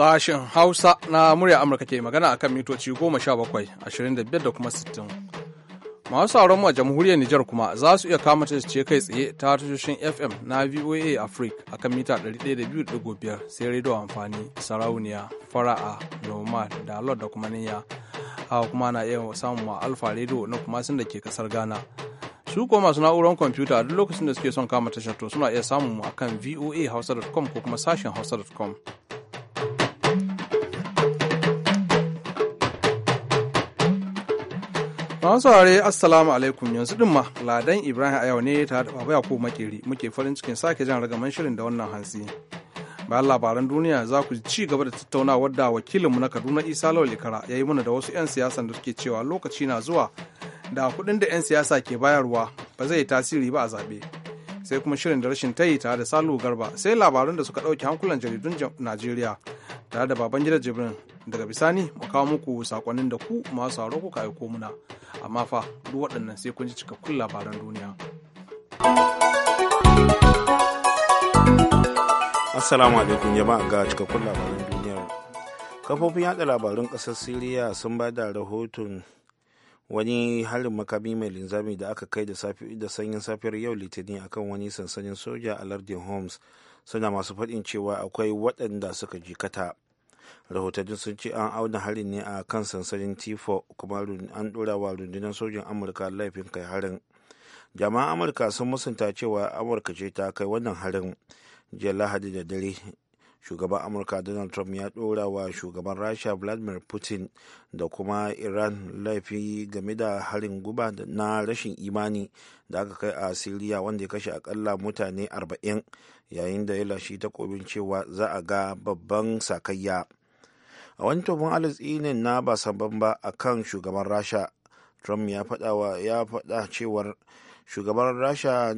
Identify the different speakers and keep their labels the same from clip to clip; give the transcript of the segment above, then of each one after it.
Speaker 1: Sashen Hausa na murya Amurka ke magana a kan mitoci 17, da kuma 60. Masu sauranmu a jamhuriyar Nijar kuma za su iya kama ce kai tsaye ta tashoshin FM na VOA Africa a kan mita 102.5 sai rediyo amfani sarauniya fara'a noma da da kuma niyya. Hawa kuma na iya samun ma alfa rediyo na kuma sun da ke kasar Ghana. su kuma masu na'urar kwamfuta duk lokacin da suke son kama tashar to suna iya samun mu akan hausa.com ko kuma sashen hausa.com. Masu saurare Assalamu alaikum yanzu din ma Ladan Ibrahim a yau ne tare da Baba ko Makeri muke farin cikin sake jan ragaman shirin da wannan hantsi. Bayan labaran duniya za ku ci gaba da tattaunawar da wakilinmu na Kaduna Isa Lawal Ikara ya yi mana da wasu 'yan siyasan da suke cewa lokaci na zuwa da kuɗin da 'yan siyasa ke bayarwa ba zai tasiri ba a zaɓe. Sai kuma shirin da rashin tayi tare da Salu Garba sai labaran da suka ɗauki hankulan jaridun Najeriya tare da baban Babangida Jibrin daga bisani mu kawo muku sakonnin da ku masu sauraro kuka aiko muna. amma fa duk waɗannan sai kun ji cikakkun labaran duniya.
Speaker 2: Assalamu alaikum jama'a ga cikakkun labaran duniya Kafofin yaɗa labarun ƙasar Siriya sun ba da rahoton wani harin makami mai linzami da aka kai da sanyin safiyar yau litinin akan wani sansanin soja a lardin Homs suna masu faɗin cewa akwai waɗanda suka jikata. rahotanni sun ce an auna harin ne a kan sansanin tifo kuma an ɗora wa rundunar sojin amurka laifin kai harin jama'an amurka sun musanta cewa amurka ce ta kai wannan harin jiya lahadi da dare shugaban amurka donald trump ya ɗora wa shugaban rasha vladimir putin da kuma iran laifi game da harin guba na rashin imani da aka kai a siriya wanda ya kashe akalla mutane 40 yayin da ya lashe takobin cewa za a ga babban sakayya a wani tobin alitsinin na ba sabon ba a kan shugaban rasha trump ya faɗa ya cewar shugaban rasha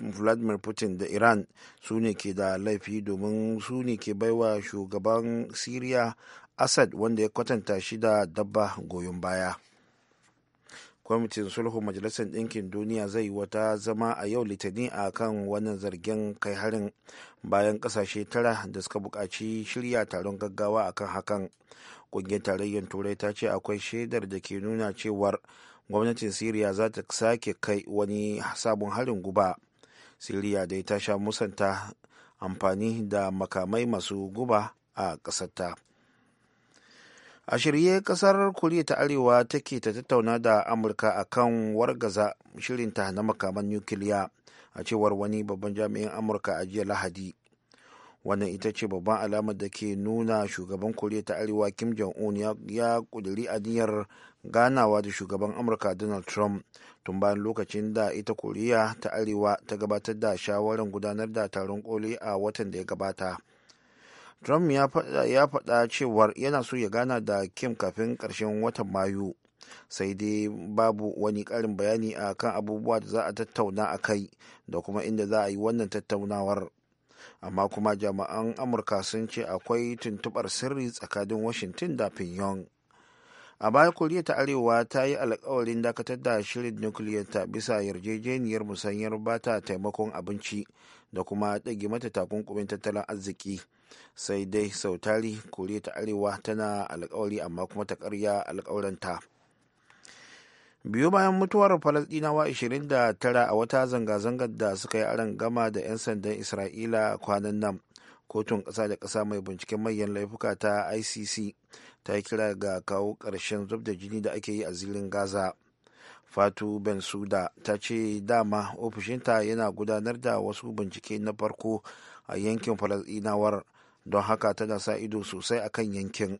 Speaker 2: vladimir putin da iran su ne ke da laifi domin su ne ke baiwa shugaban syria assad wanda ya kwatanta shi da dabba goyon baya kwamitin sulhu majalisar ɗinkin duniya zai wata zama a yau litani a kan wannan zargin kai harin bayan ƙasashe tara da suka buƙaci shirya taron gaggawa a kan hakan ƙungiyar tarayyar turai ta ce akwai shaidar da ke nuna cewar gwamnatin siriya za ta sake kai wani sabon harin guba siriya dai ta sha musanta amfani da makamai masu guba a ƙasarta. a shirye kasar koriya ta arewa take ta tattauna da amurka a kan wargaza shirinta na makaman nukiliya a cewar wani babban jami'in amurka a jiya lahadi wannan ita ce babban alamar da ke nuna shugaban koriya ta arewa kim jong-un ya kuduri aniyar ganawa da shugaban amurka donald trump tun bayan lokacin da ita koriya ta arewa ta gabatar da shawarar gudanar da taron koli a watan da ya gabata. Trump ya faɗa cewar yana so ya gana da Kim kafin ƙarshen watan Mayu, sai dai babu wani karin bayani a kan abubuwa da za a tattauna a kai da kuma inda za a yi wannan tattaunawar. Amma kuma jami'an Amurka sun ce akwai tuntuɓar sirri tsakanin Washington da Pyongyang. a baya koriya ta arewa ta yi alkawarin dakatar da shirin nukiliyarta bisa yarjejeniyar musanyar ta taimakon abinci da kuma ɗage mata takunkumin tattalin arziki sai dai sau sautari koriya ta arewa tana alkawari amma kuma ta karya alkawarinta biyu bayan mutuwar falasdinawa 29 a wata zanga-zangar da suka yi aran gama da 'yan sandan isra'ila kwanan nan kotun ƙasa da ƙasa mai binciken manyan laifuka ta icc ta yi kira ga kawo ƙarshen zub da jini da ake yi a zilin gaza fatu bensuda ta ce dama ofishinta yana gudanar da wasu bincike na farko a yankin falasɗinawar don haka tana sa ido sosai a kan yankin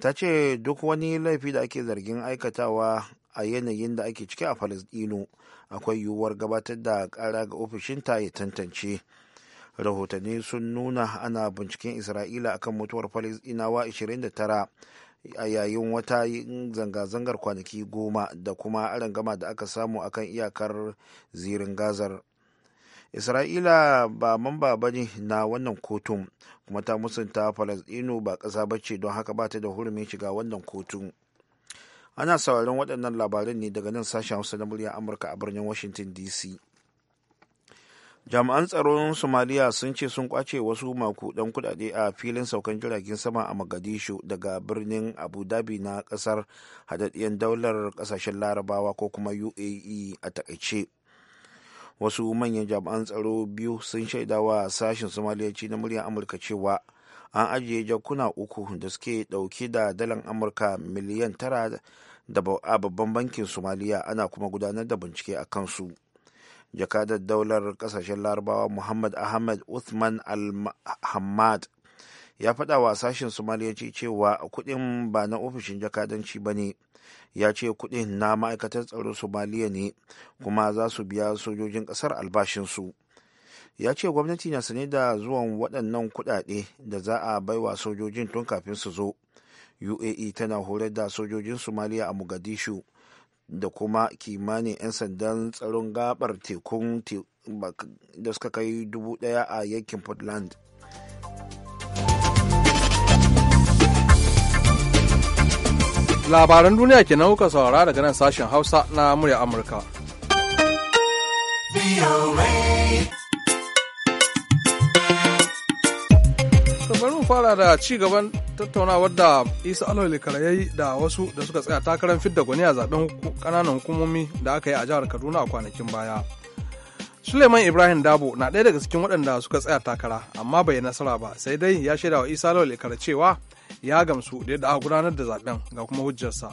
Speaker 2: ta ce duk wani laifi da ake zargin aikatawa a yanayin da ake ciki a falasɗinu akwai yiwuwar gabatar da ƙara ga ofishinta ya tantance rahotanni sun nuna ana binciken isra'ila akan mutuwar falisdinawa 29 a yayin wata zanga-zangar kwanaki goma da kuma rangama da aka samu akan iyakar zirin gazar isra'ila ba mamba ba ne na wannan kotun kuma ta musunta falasdino ba ƙasa ba ce don haka ba ta da hurumin shiga wannan kotun ana sauraron waɗannan labarin ne daga nan sashen hausa na murya amurka a birnin washington dc jami'an tsaron somaliya sun ce sun kwace wasu makudan kudade a filin saukan jiragen sama a magadishu daga birnin abu dhabi na kasar hadaddiyar daular kasashen larabawa ko kuma uae a e takaice wasu manyan jami'an tsaro biyu sun shaidawa sashen somaliyaci na muryar amurka cewa an ajiye jakuna uku da suke dauke da dalan amurka miliyan tara da babban bankin somaliya ana kuma gudanar da bincike a kansu. jakadar daular kasashen larabawa muhammad ahmed uthman al-hammad ya faɗa wa sashen somaliyanci cewa kuɗin ba na ofishin jakadanci ba ne ya ce kuɗin na ma'aikatar tsaro somaliya ne kuma za su biya sojojin ƙasar albashinsu ya ce gwamnati na sane da zuwan waɗannan kuɗaɗe da za a baiwa sojojin tun kafin su zo uae tana horar da sojojin somaliya a mugadishu. da kuma kimanin 'yan sandan tsaron gabar tekun da suka kai dubu daya a yankin portland
Speaker 1: labaran duniya ke kuka saurara daga nan sashen hausa na murya amurka fara da ci gaban tattaunawar da Isa Alhali ya yi da wasu da suka tsaya takarar fidda gwani a zaben kananan hukumomi da aka yi a jihar Kaduna a kwanakin baya. Suleiman Ibrahim Dabo na ɗaya daga cikin waɗanda suka tsaya takara amma bai nasara ba sai dai ya shaida wa Isa Alhali cewa ya gamsu da yadda aka gudanar da zaben ga kuma hujjarsa.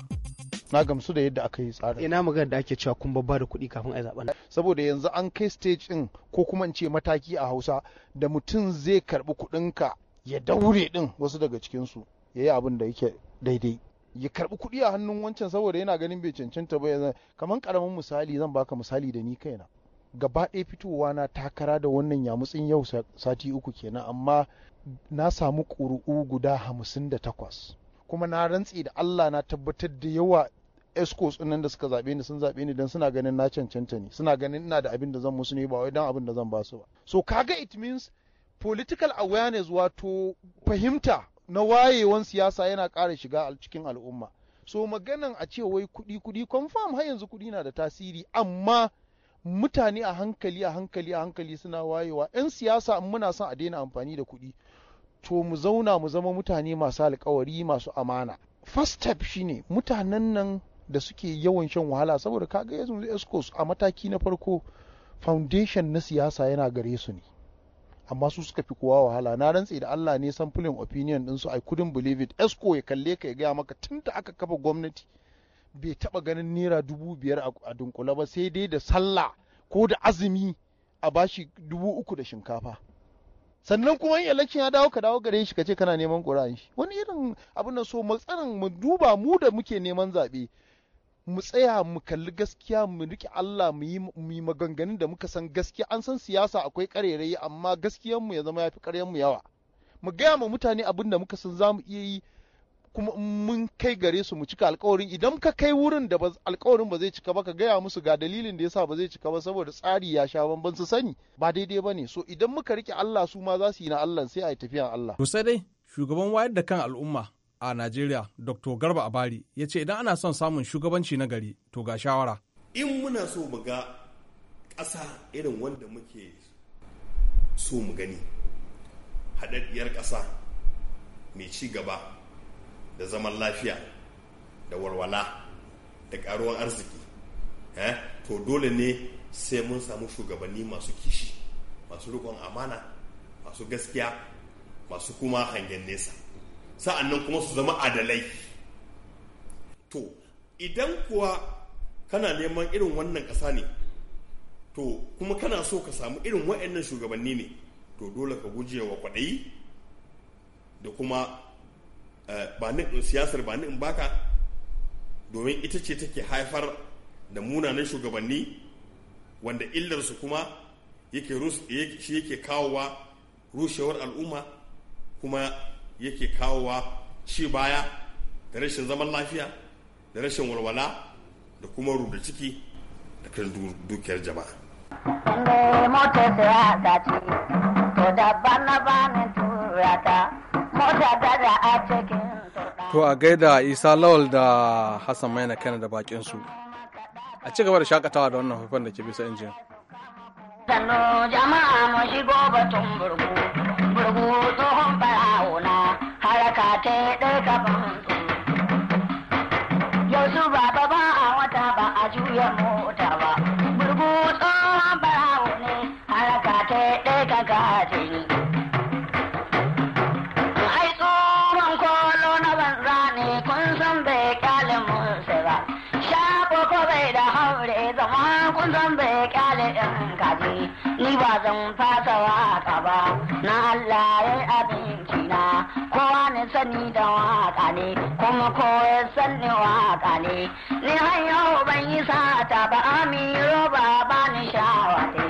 Speaker 3: na gamsu da yadda aka yi tsarin ina magana da ake cewa kun babba da kuɗi kafin a zaben saboda yanzu an kai stage ɗin ko kuma in ce mataki a Hausa da mutum zai karbi kuɗinka ya daure din wasu daga cikinsu ya yi abin da yake daidai ya karbi kuɗi a hannun wancan saboda yana ganin bai cancanta ba yanzu kamar karamin misali zan baka misali da ni kaina gaba ɗaya fitowa na takara da wannan yamutsin yau sati uku kenan amma na samu ƙuri'u guda hamsin da takwas kuma na rantse da Allah na tabbatar da yawa escorts ɗinnan da suka zaɓe ni sun zaɓe ni don suna ganin na cancanta ne suna ganin ina da abin da zan musu ne ba wai don abin da zan ba su ba so kaga it means political awareness wato fahimta na wayewan siyasa yana ƙara shiga cikin al'umma so maganan a ce wai kuɗi kuɗi confirm har yanzu kuɗi na da tasiri amma mutane a hankali a hankali a hankali suna wayewa 'yan siyasa muna son a daina amfani da kuɗi to mu zauna mu zama mutane masu alkawari masu amana first step shine mutanen nan da suke yawan shan wahala saboda kaga yanzu escos a mataki na farko foundation na siyasa yana gare su ne amma su suka fi kowa wahala na rantse da Allah ne samfulin opinion din su I couldn't believe it esco ya kalle ka ya gaya maka tun da aka kafa gwamnati bai taba ganin naira dubu biyar a dunkula ba sai dai da sallah ko da azumi a bashi dubu uku da shinkafa sannan kuma in election ya dawo ka dawo gare shi ka ce kana neman ƙura'in shi wani irin abin na so matsalan mu duba mu da muke neman zaɓe mu tsaya mu kalli gaskiya mu riƙe Allah mu yi maganganun da muka san gaskiya an san siyasa akwai ƙarerayi amma gaskiyan mu ya zama yafi ƙaryan mu yawa mu gaya ma mutane abin da muka san zamu iya yi kuma mun kai gare su mu cika alƙawarin idan ka kai wurin da alƙawarin ba zai cika ba ka gaya musu ga dalilin da yasa ba zai cika ba saboda tsari ya sha bamban su sani ba daidai ba ne so idan muka riƙe Allah su ma za su yi na Allah sai a yi tafiyan Allah.
Speaker 1: To sai dai shugaban wayar da kan al'umma a Najeriya, Dr. Garba Abari, ya ce idan ana son samun shugabanci na gari, to ga shawara.
Speaker 4: In muna so mu ga ƙasa irin wanda muke so mu gani, haɗaɗɗiyar ƙasa mai ci gaba da zaman lafiya da walwala da ƙaruwan arziki, eh, to dole ne sai mun samu shugabanni masu kishi, masu riƙon amana, masu gaskiya, masu kuma hangen nesa. sa'annan kuma su zama adalai to idan kuwa kana neman irin wannan ƙasa ne to kuma kana so ka samu irin wa'annan shugabanni ne to dole ka guje wa kwaɗayi da kuma eh, ba in siyasar ba in baka domin ita ce take haifar da munanan shugabanni wanda illarsu kuma yake shi yake kawowa rushewar al'umma kuma yake kawowa ci baya da rashin zaman lafiya da rashin walwala da kuma rubuta ciki da kan dukiyar jama'a.
Speaker 5: mota to da bana bani turata, mota da a cikin
Speaker 1: To a gaida Isa Lawal da Hassan Maina kana da bakin su. A ci gaba da shakatawa da wannan hufan da ke bisa injin.
Speaker 5: Sannu jama'a mu shigo batun burgu, burgu tsohon ɗaya gaban Yau baba ba a wata ba a juya mota ba. Burgu tsohon barawo ne haraka ta ɗaya ka gaje ni. Ai tsohon kolo na banza ne kun san bai kyale musu ba. Shago ko bai da haure zama kun san bai kyale ɗin kaji. Ni ba zan fasa waka ba na Allah abinci na. ni sani da waka ne kuma ko sanni sani waka ne ni har yau ban yi sata ba ami roba ba ni shawa ne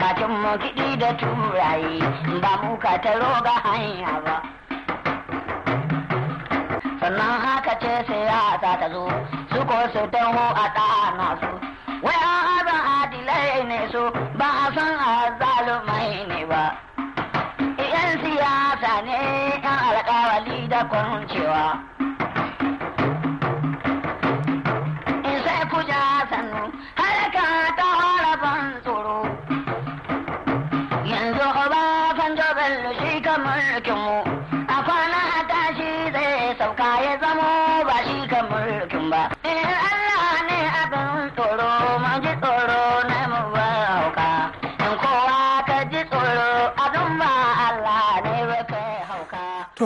Speaker 5: bakin mu kiɗi da turaye ba mu ka ta ga hanya ba sannan haka ce siyasa ta zo su ko su taho a ɗana su wai an adilai ne su ba wucewa in sai ku ja sannu halaka yanzu ba kan jabal kamar kinmu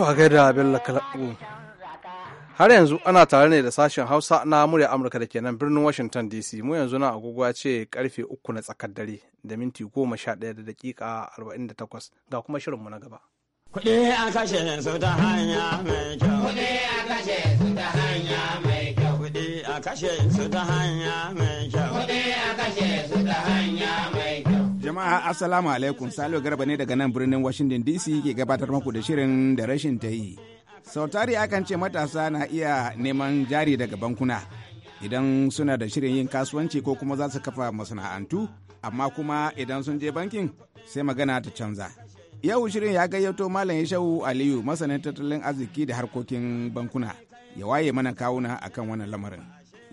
Speaker 1: kuka gaida abin Kalabu. Mm. Har yanzu ana tare ne da sashen Hausa na murya Amurka da ke nan birnin Washington DC. Mu yanzu na agogo ce karfe uku na tsakar dare da minti goma sha ɗaya da dakika arba'in da takwas ga kuma shirinmu na gaba. Kuɗi a kashe su ta hanya mai kyau. Kuɗi
Speaker 6: a kashe su ta hanya mai
Speaker 5: a kashe su ta hanya mai kyau. Kuɗi a kashe su ta hanya mai kyau. Jama'a
Speaker 7: Assalamu alaikum Salo Garba ne daga nan birnin Washington DC ke gabatar muku da shirin da rashin ta yi. Sau tari akan ce matasa na iya neman jari daga bankuna idan suna da shirin yin kasuwanci ko kuma za su kafa masana'antu amma kuma idan sun je bankin sai magana ta canza. Yau shirin ya gayyato Malam Yashau Aliyu masanin tattalin arziki da harkokin bankuna ya waye mana kawuna akan wannan lamarin.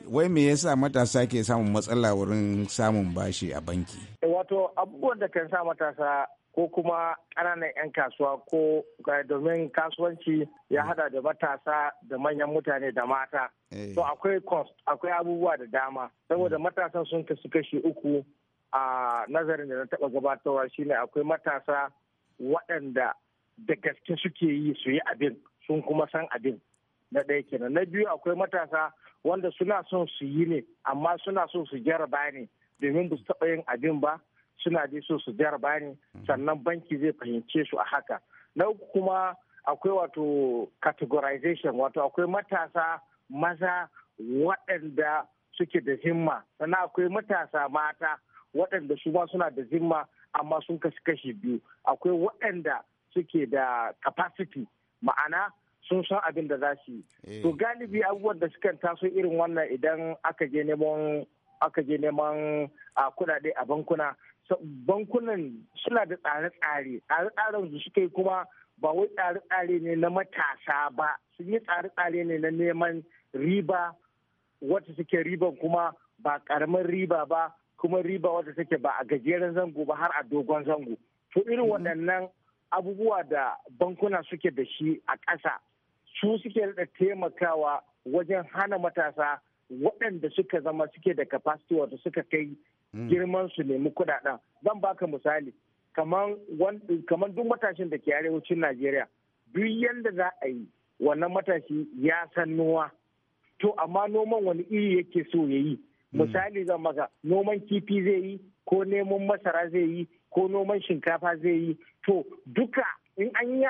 Speaker 7: wai me yasa matasa ke samun matsala wurin samun bashi a banki
Speaker 6: wato abubuwan da kan sa matasa ko kuma ƙananan 'yan kasuwa ko domin kasuwanci ya mm. hada da matasa da manyan mutane da mata so eh. akwai abubuwa da dama saboda mm. matasan sun kasu kashi uku a nazarin da na taɓa gabatarwa shine akwai matasa waɗanda da gaske suke yi su yi abin sun kuma san abin na ɗaya kenan na biyu akwai matasa wanda suna son su yi ne amma suna so su jaraba ne domin ba su taɓa yin abin ba suna dai so su jaraba ne mhm. sannan banki zai fahimce su a haka na uku kuma akwai wato categorization wato akwai matasa maza waɗanda suke da himma sannan akwai matasa mata waɗanda su ma suna da zimma amma sun kashi kashi biyu akwai waɗanda suke da capacity ma'ana sun san abin da za su yi eh. to galibi abubuwan da suka taso irin wannan idan aka je neman aka je neman a kudade a bankuna bankunan suna da tsare-tsare tsare-tsaren su yi kuma ba wai tsare-tsare ne na matasa ba sun yi tsare-tsare ne na neman riba wata suke riban kuma ba karamin riba ba kuma riba wata take ba a gajeren zango ba har a dogon zango to irin mm-hmm. waɗannan abubuwa da bankuna suke da shi a ƙasa su suke da taimakawa wajen hana matasa waɗanda suka zama suke da capacity wato suka kai hmm. girman su nemi kuɗaɗen zan baka misali kamar duk matashin da ke arewacin najeriya duk yadda za a yi wannan matashi ya san noma to amma noman wani iri yake so ya yi hmm. misali zan maka noman kifi zai yi ko neman masara zai yi ko noman shinkafa zai yi to duka in an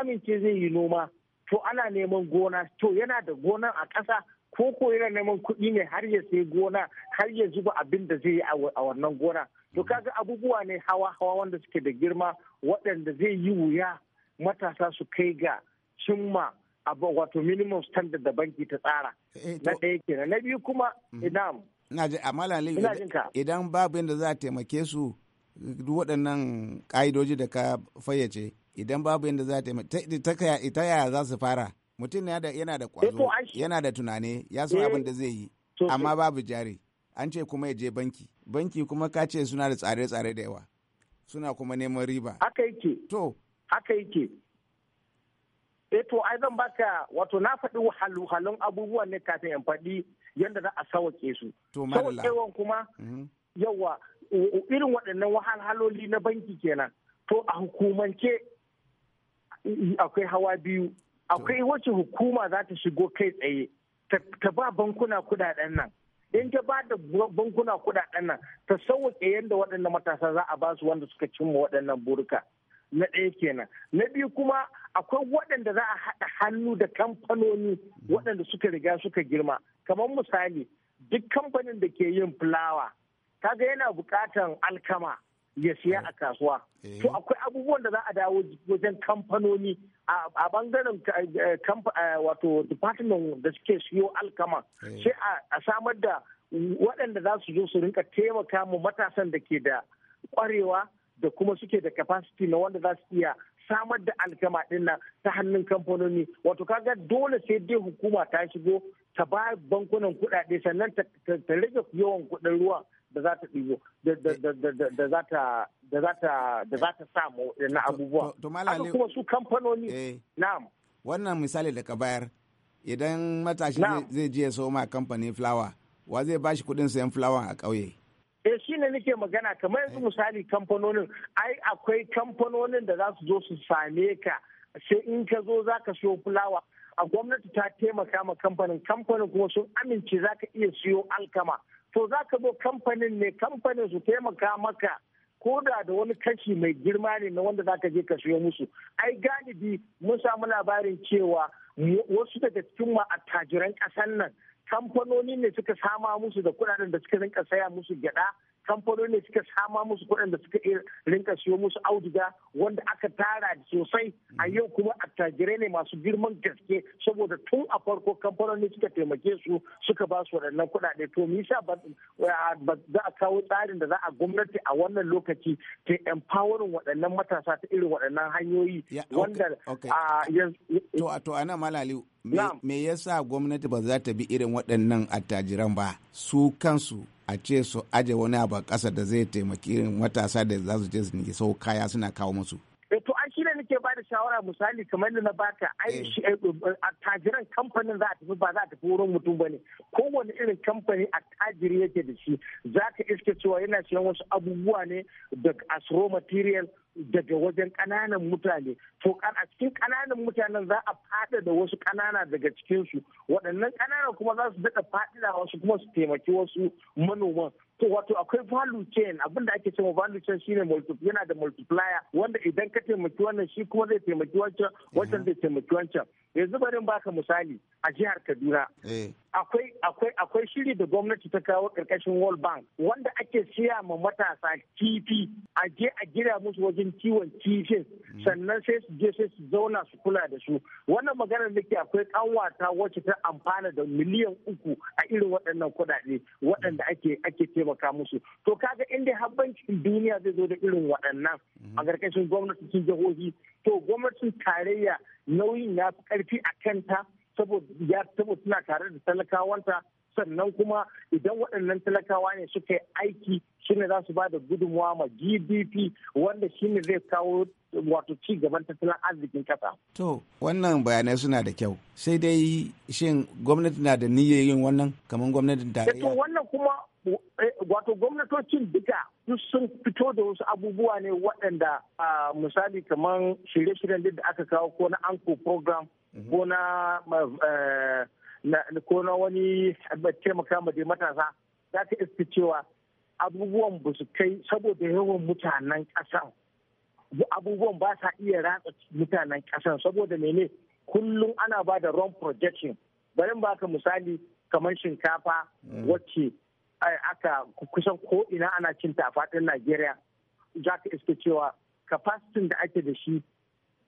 Speaker 6: amince zai yi noma to ana neman gona to yana da gona a ƙasa ko ko yana neman kuɗi ne har ya sai gona har ya zuba abin da zai yi a wannan gona to mm. kaga abubuwa ne hawa hawa wanda suke da girma waɗanda zai yi wuya matasa su kai ga cimma abu wato minimum standard da banki ta tsara eh, na ɗaya kenan na biyu kuma inam mm. eh, ina ji amala
Speaker 7: idan babu yadda za a taimake su waɗannan ƙa'idoji da ka fayyace idan babu yadda za ta yi ta yaya za su fara mutum yana da kwazo eh, yana da tunani ya san eh, abin da zai yi amma babu jari an ce kuma ya je banki banki kuma ka ce suna da tsare-tsare da yawa
Speaker 6: suna kuma neman riba haka yake to haka yake e to ai zan baka wato na faɗi halhalun abubuwan ne kafin in faɗi yadda za a sawake su sawakewan kuma mm-hmm. yawa irin waɗannan wahalhaloli na banki kenan to a hukumance E, akwai hawa biyu akwai wacce hukuma za ta shigo kai tsaye ta ba bankuna kudaden nan in ta ba da bankuna kudaden nan ta sauke yadda waɗannan matasa za a ba wanda suka cimma waɗannan burka na ɗaya kenan na biyu kuma akwai waɗanda za a haɗa hannu da kamfanoni waɗanda suka riga suka girma kamar misali duk kamfanin da ke yin fulawa kaga yana bukatan alkama ya siya eh. a kasuwa. Eh. To akwai abubuwan da za a dawo wajen kamfanoni a bangaren eh, wato department da suke siyo alkama sai a samar da waɗanda za su zo su rinka taimaka mu matasan da ke da ƙwarewa da kuma suke da capacity na wanda za su iya samar da alkama ɗin nan ta hannun kamfanoni wato kaga dole sai dai hukuma ta shigo ta ba bankunan kuɗaɗe sannan ta rage yawan kuɗin ruwa da za ta ɗigo da za ta samu na abubuwa. malale. kuma su kamfanoni. Eh. Na'am.
Speaker 7: Wannan misali da ka bayar idan matashi zai je so ma kamfanin fulawa wa zai ba shi kuɗin sayan fulawa a ƙauye.
Speaker 6: eh shi ne nake magana kamar yanzu eh. misali kamfanonin ai akwai kamfanonin da za su zo su same ka sai in ka zo za ka siyo fulawa a gwamnati ta taimaka ma kamfanin kamfanin kuma sun amince za ka iya siyo alkama to za ka zo kamfanin ne kamfanin su taimaka maka ko da da wani kashi mai girma ne na wanda za ka je ka siyo musu ai galibi mun samu labarin cewa wasu daga cikin attajiran ƙasar nan kamfanoni ne suka sama musu da kudaden da suka rinka saya musu gyaɗa. kamfanoni ne suka sama musu kuɗin da suka rinka siyo musu auduga wanda aka tara sosai a yau kuma attajirai ne masu girman gaske saboda tun a farko kamfanoni suka taimake su suka ba su waɗannan kuɗaɗe to me yasa ba za a kawo tsarin da za a gwamnati a wannan lokaci ta empowering waɗannan matasa ta irin waɗannan hanyoyi wanda to a to ana malali
Speaker 7: me yasa gwamnati ba za ta bi irin waɗannan attajiran ba su kansu a ce su aje wani abu ƙasa da zai taimaki irin matasa da za su je su sau kaya suna kawo musu
Speaker 6: eh, to a shi ne nake ba da shawara misali kamar da na baka ai eh. Eh, um, attajiran kamfanin za a tafi ba za a tafi wurin mutum ba ne kowane irin kamfani attajiri yake da shi za ka iske cewa yana siyan wasu abubuwa ne da as raw material daga wajen kananan mutane to a mutanen za a fada da wasu kanana daga cikinsu waɗannan kanana kuma za su daɗa da wasu kuma su taimaki wasu manoman to wato akwai value chain abinda ake cewa value chain shine yana da multiplier wanda idan ka taimaki wannan shi kuma zai taimaki wancan wancan mhm. zai taimaki wancan yanzu bari baka misali a jihar kaduna eh. akwai akwai akwai shiri da gwamnati ta kawo karkashin world bank wanda ake siya ma matasa kifi a je a gida musu wajen kiwon kifin hmm. sannan sai su je sai su zauna su kula da su wannan maganar da ke akwai kanwata wacce ta amfana da miliyan uku a irin waɗannan kuɗaɗe waɗanda hmm. ake ake taimaka musu to kaga inda habbancin duniya zai zo da irin waɗannan a karkashin hmm. gwamnatin jihohi to gwamnatin tarayya nauyin ya fi karfi a kanta saboda tana tare da talakawanta sannan kuma idan waɗannan talakawa ne suka yi aiki shine za su ba da gudunmawa ma gdp wanda shine zai kawo wato ci gaban tattalin arzikin ƙasa.
Speaker 7: to wannan bayanai suna da kyau sai dai shin gwamnati na da niyyar yin wannan kamar gwamnatin eh, tarayya. to
Speaker 6: wannan kuma wato gwamnatocin duka sun fito da wasu abubuwa ne waɗanda misali kamar shirye-shiryen da aka kawo ko na anko program mhm. ko eh, na ko na wani taimaka ma dai matasa za ka iska cewa abubuwan ba su kai saboda yawan mutanen ƙasan abubuwan ba sa iya ratsa mutanen ƙasan saboda mene kullum ana ba da wrong projection barin ba ka misali kamar shinkafa mm. wacce aka kusan ko ina ana cinta a faɗin najeriya za ka iske cewa capacity da ake da shi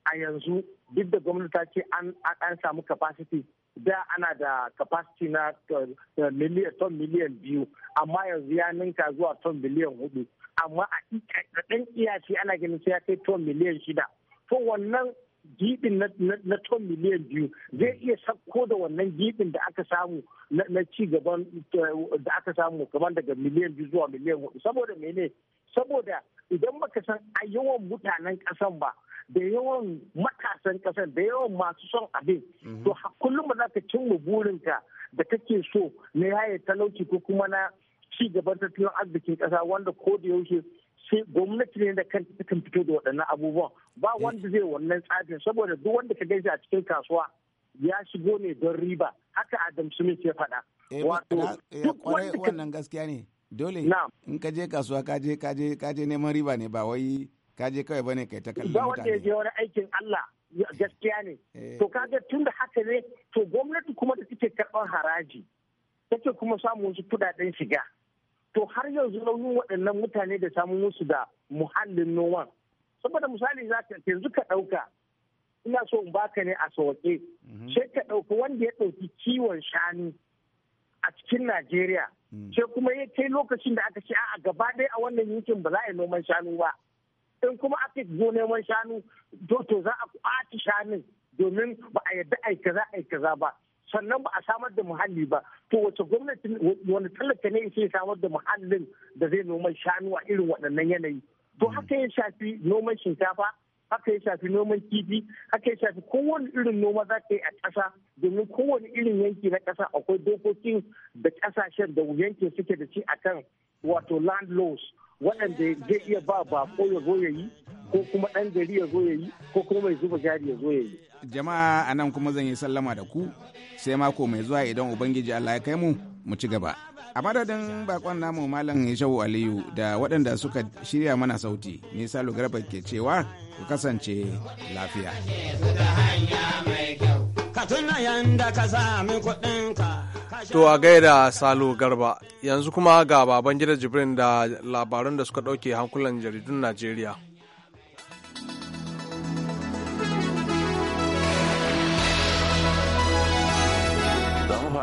Speaker 6: a yanzu duk da gwamnati ta ce an samu capacity da ana da capacity na eh, eh, miliyan ton miliyan biyu amma yanzu ya ninka zuwa ton miliyan hudu amma a ɗan iyaci ana ganin sai ya kai ton miliyan shida to wannan gibin na ton miliyan biyu zai iya sakko da wannan gibin da aka samu na ci gaban eh, da aka samu kamar daga miliyan biyu zuwa miliyan hudu saboda mene saboda idan baka san a yawan mutanen kasan ba da yawan matasan kasan da yawan masu son abin mhm. to kullum ba za ka cimma burinka da kake so na yaye talauci ko kuma na ci gaban tattalin arzikin kasa wanda ko da yaushe sai gwamnati ne da kanta kan fito da waɗannan abubuwan ba wanda zai wannan tsafin saboda duk wanda ka gaisa a cikin kasuwa ya shigo ne don riba haka adam smith ya faɗa eh, wato eh, duk wannan gaskiya ne dole
Speaker 7: in ka je kasuwa ka je ka je ka je neman riba ne ba wai ka je kawai bane kai ta kallon mutane ba wanda ya je
Speaker 6: wani aikin Allah gaskiya ne eh. to kaga tun da haka ne to gwamnati kuma da take karɓar haraji take kuma samun wasu kudaden shiga to har yanzu nauyin waɗannan mutane da samu musu da muhallin noman saboda misali za ka yanzu ka ɗauka ina so in baka ne a sauƙe mhm. sai ka ɗauki wanda ya ɗauki kiwon shanu a cikin Najeriya mm. sai kuma ya kai lokacin da aka ce a gaba ɗaya a wannan yankin ba za a yi noman shanu ba in kuma aka zo neman shanu to za a kwaci shanun domin ba a yadda za kaza yi kaza ba sannan ba a samar da muhalli ba to wace gwamnati wani talaka ne ke samar da muhallin da zai noman shanu a irin waɗannan yanayi to haka ya shafi noman shinkafa haka ya shafi noman kifi haka ya shafi kowane irin noma za ka yi a ƙasa domin kowane irin yanki na ƙasa akwai dokokin da ƙasashen da yankin suke da shi akan wato land laws waɗanda zai iya ba ko ya zo ya yi ko kuma ɗan gari ya zo ya yi ko kuma mai zuba jari ya zo ya yi.
Speaker 7: Jama'a a nan kuma zan yi sallama da ku sai mako mai zuwa idan Ubangiji Allah ya kai mu mu ci gaba. A madadin bakon namu Malam yashau Aliyu da waɗanda suka shirya mana sauti, ni Salo Garba ke cewa ku kasance lafiya.
Speaker 5: Ka tuna yanda ka sami kuɗinka. To a
Speaker 1: gaida Salo Garba, yanzu kuma ga baban gida Jibrin da labaran da suka ɗauke hankulan jaridun Najeriya.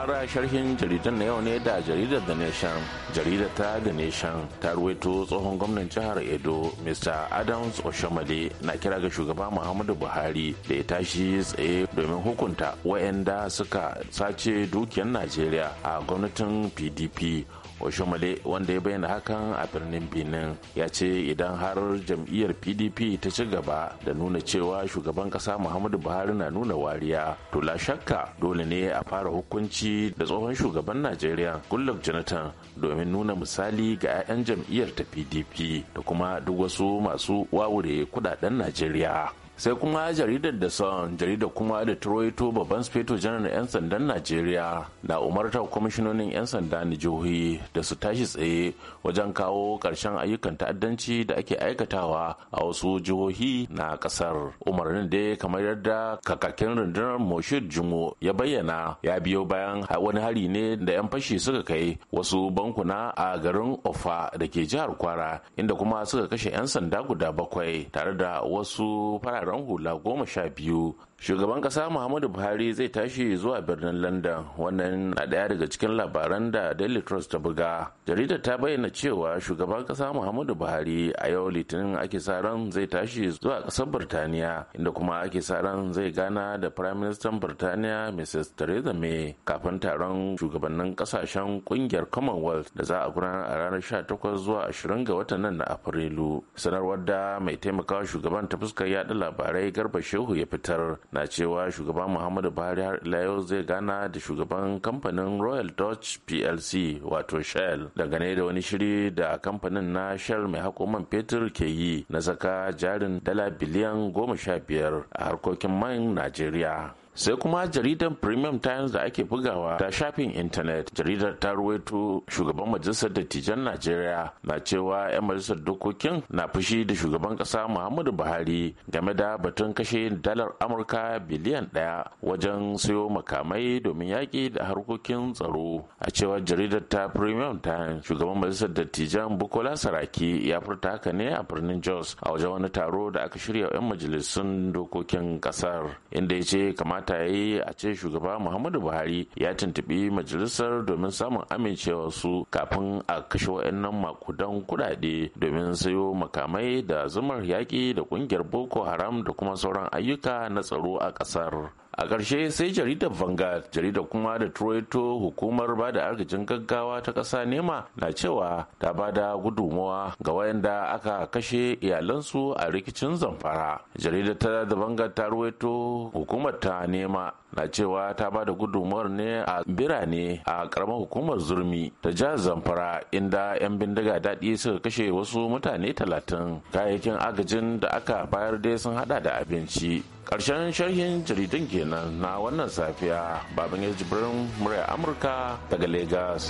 Speaker 8: fara sharhin jaridar na yau ne da jaridar da nation jaridar ta da nation ta ruwaito tsohon gwamnan jihar edo mr adams oshomale na kira ga shugaba muhammadu buhari da ya tashi tsaye domin hukunta wa'anda suka sace dukiyar najeriya a gwamnatin pdp oshomale wanda ya bayyana hakan a birnin benin ya ce idan har jam'iyyar pdp ta ci gaba da nuna cewa shugaban kasa muhammadu buhari na nuna wariya to la shakka dole ne a fara hukunci da tsohon shugaban najeriya gullub jonathan domin nuna misali ga 'ya'yan jam'iyyar ta pdp da kuma duk wasu masu wawure kudaden najeriya sai kuma jaridar da son jaridar kuma da turoito babban speto janar 'yan sandan najeriya na umartar kwamishinonin 'yan sanda na jihohi da su tashi tsaye wajen kawo ƙarshen ayyukan ta'addanci da ake aikatawa a wasu jihohi na ƙasar umarnin dai kamar yadda kakakin rundunar moshid jumo ya bayyana ya biyo bayan wani hari ne da 'yan fashi suka kai wasu bankuna a garin ofa da ke jihar kwara inda kuma suka kashe 'yan sanda guda bakwai tare da wasu fararen fararen hula goma sha biyu shugaban kasa muhammadu buhari zai tashi zuwa birnin london wannan na daya daga cikin labaran da daily trust ta buga jaridar ta bayyana cewa shugaban kasa muhammadu buhari a yau litinin ake sa ran zai tashi zuwa kasar birtaniya inda kuma ake sa ran zai gana da prime minister birtaniya mrs theresa may kafin taron shugabannin kasashen kungiyar commonwealth da za a gudanar a ranar 18 zuwa 20 ga watan nan na afrilu sanarwar da mai taimakawa shugaban ta fuskar yada labarai garba shehu ya fitar na cewa shugaban muhammadu buhari har ila yau zai gana da shugaban kamfanin royal dutch plc wato shell dangane da wani shiri da kamfanin na shell mai hakoman fetur ke yi na saka jarin dala biliyan goma sha biyar a harkokin man najeriya sai kuma jaridar premium times da ake bugawa ta shafin intanet jaridar ta ruwaito shugaban majalisar dattijan najeriya na cewa 'yan majalisar dokokin na fushi da shugaban kasa muhammadu buhari game da batun kashe dalar amurka biliyan daya wajen sayo makamai domin yaƙi da harkokin tsaro a cewa jaridar ta premium times shugaban majalisar dattijan bukola saraki ya furta haka ne a birnin jos a wajen wani taro da aka shirya 'yan majalisun dokokin kasar inda ya ce kamata kamata yi a ce shugaba muhammadu buhari ya tuntubi majalisar domin samun amincewa su kafin a kashe wa'annan makudan kuɗaɗe domin sayo makamai da zumar yaƙi da ƙungiyar boko haram da kuma sauran ayyuka na tsaro a ƙasar a ƙarshe sai jaridar vanguard jaridar kuma da troito hukumar ba da agajin gaggawa ta ƙasa nema na cewa ta ba da gudunmuwa ga wayanda aka kashe iyalansu a rikicin zamfara jaridar ta da vanguard ta ruwaito hukumar ta nema na cewa ta ba da gudunmuwar ne a birane a karamar hukumar zurmi ta jihar zamfara inda 'yan bindiga daɗi suka kashe wasu mutane talatin kayayyakin agajin da aka bayar dai sun hada da abinci ƙarshen sharhin jaridun kenan na wannan safiya babin jibirin murya amurka daga Legas.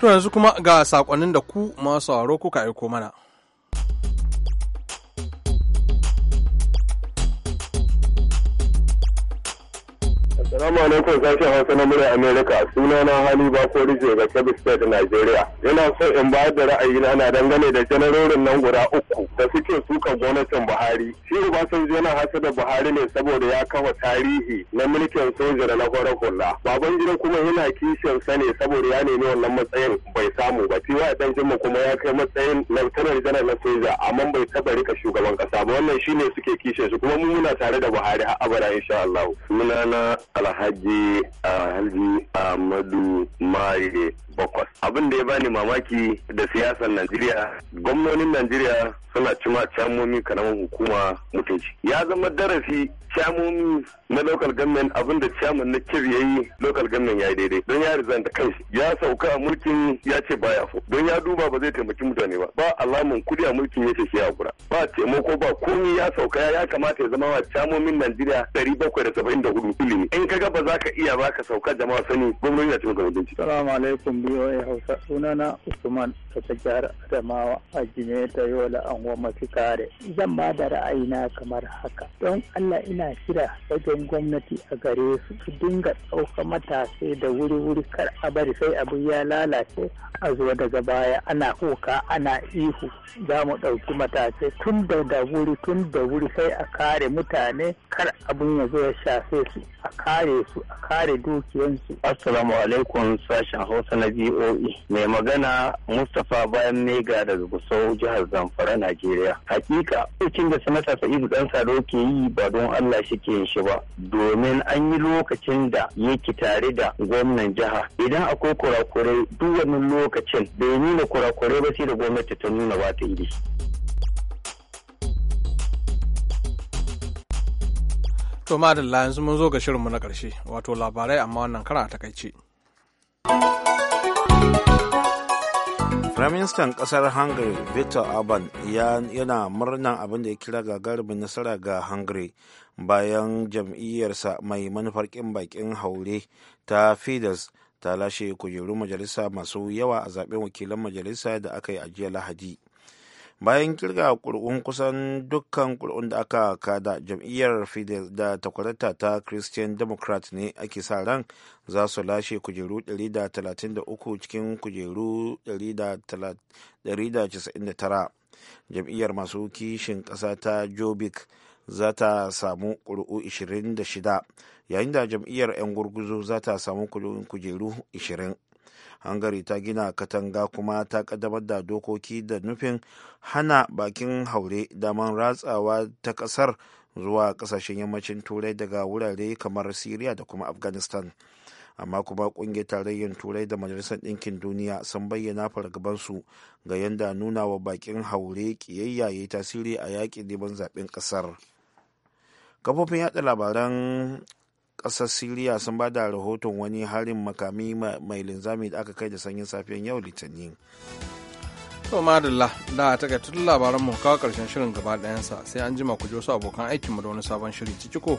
Speaker 1: to yanzu kuma ga sakonnin da ku masu kuka aiko mana
Speaker 9: Salamu alaikum sashen Hausa na murya Amerika na Hali ko Rijo ga Kebbi State Najeriya, Yana so in ba da ra'ayina na dangane da janarorin nan guda uku da suke suka gwamnatin Buhari. Shi Obasanjo yana da Buhari ne saboda ya kafa tarihi na mulkin soja da na kwarar kula Baban gida kuma yana kishin sa ne saboda ya nemi wannan matsayin bai samu ba. Tiwa ɗan jima kuma ya kai matsayin Lieutenant janar na soja amma bai taɓa rika shugaban ƙasa, ba. Wannan shi ne suke kishin su kuma mu muna tare da Buhari har abada insha Allah. Sunana Ala alhaji alhaji ahmadu maye bakwas abin da ya bani mamaki da siyasar najeriya gwamnonin najeriya suna cima camomi karamin hukuma mutunci ya zama darasi camomi na local government abin da chairman na kir ya yi local government ya yi daidai don ya resign da kai. ya sauka a mulkin ya ce baya fo don ya duba ba zai taimaki mutane ba ba alaman kudi a mulkin ya ce shi hakura ba taimako ba komi ya sauka ya kamata ya zama wa camomin Najeriya ɗari bakwai da saba'in da hudu ilimi in kaga ba za ka iya ba ka sauka jama'a sani gwamnati na cikin gwamnatin ciki. Salamu alaikum ya Hausa sunana Usman ta jihar Adamawa a
Speaker 6: Jimeta Yola fi kare zan ba da ra'ayina kamar haka don Allah ina ana kira wajen gwamnati a gare su su dinga ɗauka matasai da wuri-wuri kar a bari sai abu ya lalace a zuwa daga baya ana kuka ana ihu
Speaker 9: za mu ɗauki matasai tun da da wuri tun da wuri sai a kare mutane kar abin ya zo ya shafe su a kare su a kare dukiyansu. Assalamu alaikum sashen Hausa na BOE mai magana Mustapha bayan Mega daga Gusau jihar Zamfara Najeriya. Hakika, cikin da sanata Sa'idu dan Sado ke yi ba don Allah Allah suke ke shi ba domin an yi lokacin da yake tare da gwamnan jiha idan akwai kurakurai duk wani lokacin ya nuna kurakurai ba sai da gwamnati ta nuna ba ta
Speaker 1: yi To madalla yanzu mun zo ga shirinmu na ƙarshe wato labarai amma wannan kara takaice. Firaministan kasar Hungary Victor
Speaker 2: Orban yana murnan abin da ya kira gagarumin nasara ga Hungary bayan jam'iyyarsa mai manufar kin bakin haure ta fidas ta lashe kujeru majalisa masu yawa a zaben wakilan majalisa da aka yi a jiya lahadi bayan kirga kur'un kusan dukkan kur'un da aka kada jam'iyyar fidel da takwarata ta christian democrat ne ake sa ran za su lashe kujeru 133 cikin kujeru 199 jam'iyyar masu kishin ƙasa ta jobik. za ta samu ƙuri'u 26 yayin da jam'iyyar 'yan gurguzu za ta samu kujeru 20 hangari ta gina katanga kuma ta kaddamar da dokoki da nufin hana bakin haure daman ratsawa ta kasar zuwa kasashen yammacin turai daga wurare kamar syria da kuma afghanistan amma kuma kungiyar tarayyar turai da majalisar ɗinkin duniya sun bayyana fargabansu ga yadda nuna wa bakin haure kiyayya ya yi tasiri a yaƙin neman zaɓen ƙasar. kafofin yada labaran ƙasar siriya sun ba da rahoton wani harin makami mai
Speaker 1: linzami da aka kai da sanyin safiyan yau litinin to madalla da ta tun labaran mu kawo karshen shirin gaba ɗayansa sai an jima ku je wasu abokan aikinmu da wani sabon shiri ciki ko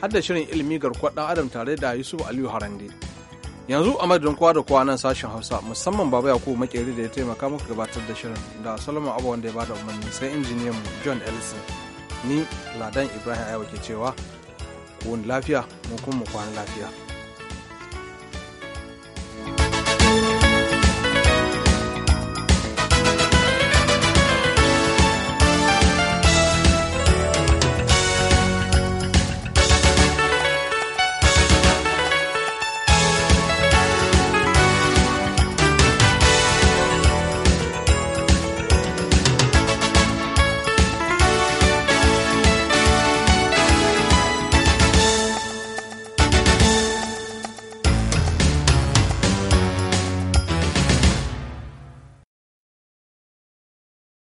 Speaker 1: har da shirin ilimi garkuwar ɗan adam tare da yusuf aliyu harande yanzu a madadin kowa da kowa nan sashen hausa musamman baba yakubu makeri da ya taimaka muku gabatar da shirin da solomon abu wanda ya bada umarni sai injiniyan mu john ellison ni ladan ibrahim ayawa ke cewa ku lafiya mu kuma mu kwana lafiya